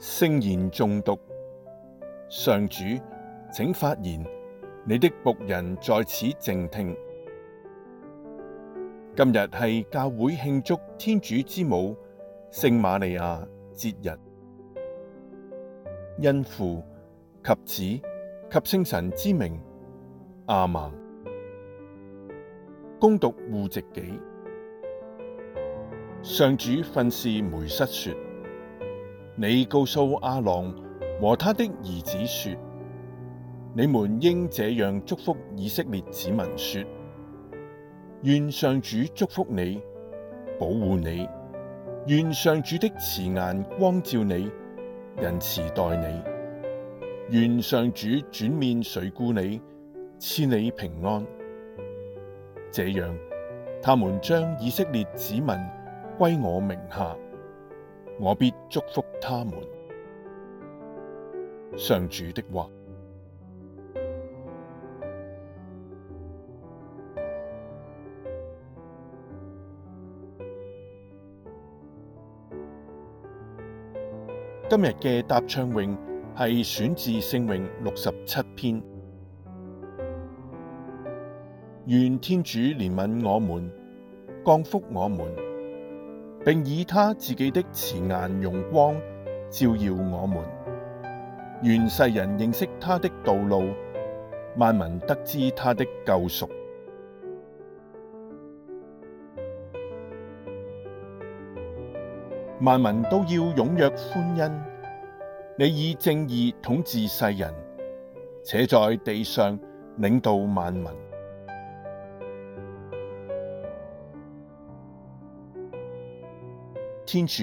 聖言誦讀，上主，請發言，你的僕人在此靜聽。今日係教會慶祝天主之母聖瑪利亞節日，因父及子及聖神之名，阿們。恭讀戶籍紀，上主訓示梅瑟說。你告訴亞郎和他的兒子說：你們應這樣祝福以色列子民說：願上主祝福你，保護你；願上主的慈顏光照你，仁慈待你；願上主轉面垂顧你，賜你平安。這樣，他們將以色列子民歸我名下。我必祝福他們。上主的話。今日嘅答唱詠係選自聖詠六十七篇。願天主憐憫我們，降福我們。並以他自己的慈顏容光照耀我們，願世人認識他的道路，萬民得知他的救贖。萬民都要踴躍歡欣。你以正義統治世人，且在地上領導萬民。天主，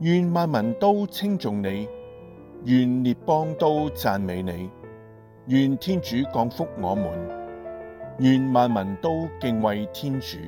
願萬民都稱頌你，願列邦都讚美你，願天主降福我們，願萬民都敬畏天主。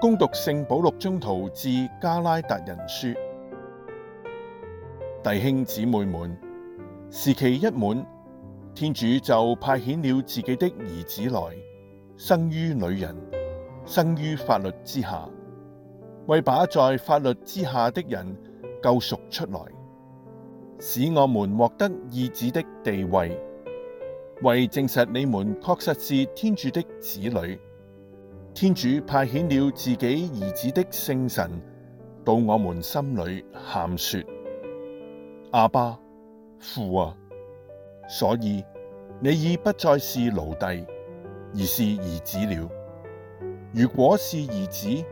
恭讀聖保祿宗徒致迦拉達人書。弟兄姊妹們，時期一滿，天主就派遣了自己的兒子來，生於女人，生於法律之下，為把在法律之下的人救贖出來，使我們獲得義子的地位，為證實你們確實是天主的子女，天主派遣了自己兒子的聖神到我們心裡喊說。阿爸，父啊，所以你已不再是奴隸，而是兒子了。如果是兒子，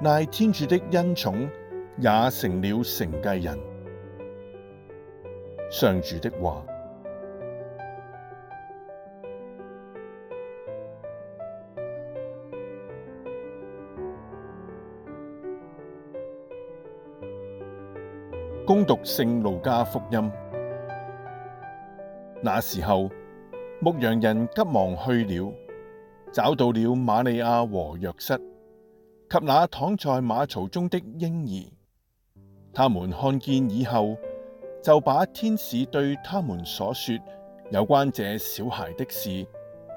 賴天主的恩寵，也成了承繼人。上主的話。恭讀《聖路加福音》。那時候，牧羊人急忙去了，找到了瑪利亞和若瑟，及那躺在馬槽中的嬰兒。他們看見以後，就把天使對他們所說有關這小孩的事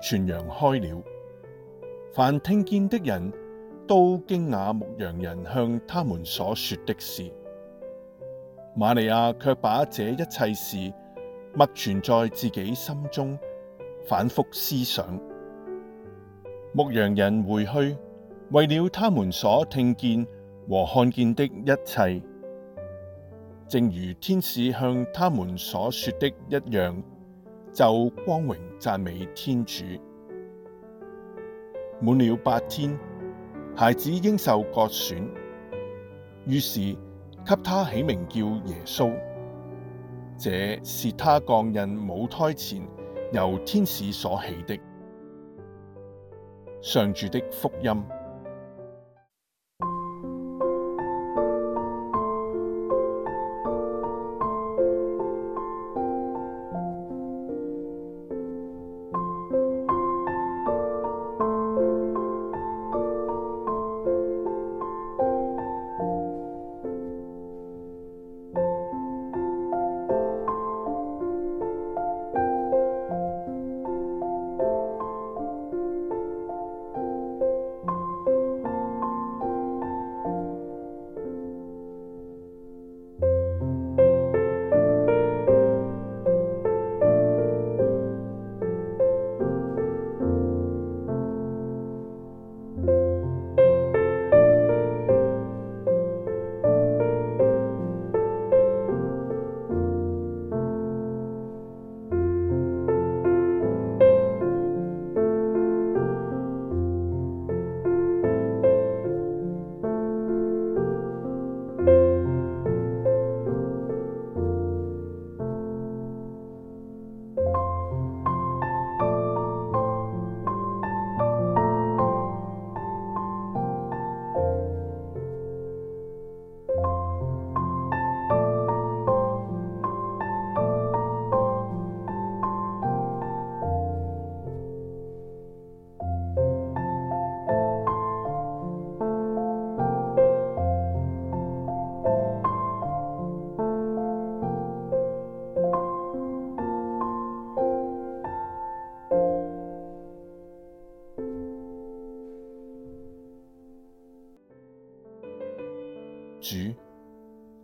傳揚開了。凡聽見的人，都驚訝牧羊人向他們所說的事。瑪利亞卻把這一切事默存在自己心中，反覆思想。牧羊人回去，為了他們所聽見和看見的一切，正如天使向他們所說的一樣，就光榮讚美天主。滿了八天，孩子應受割損，於是，給他起名叫耶穌，這是他降孕母胎前，由天使所起的。上主的福音。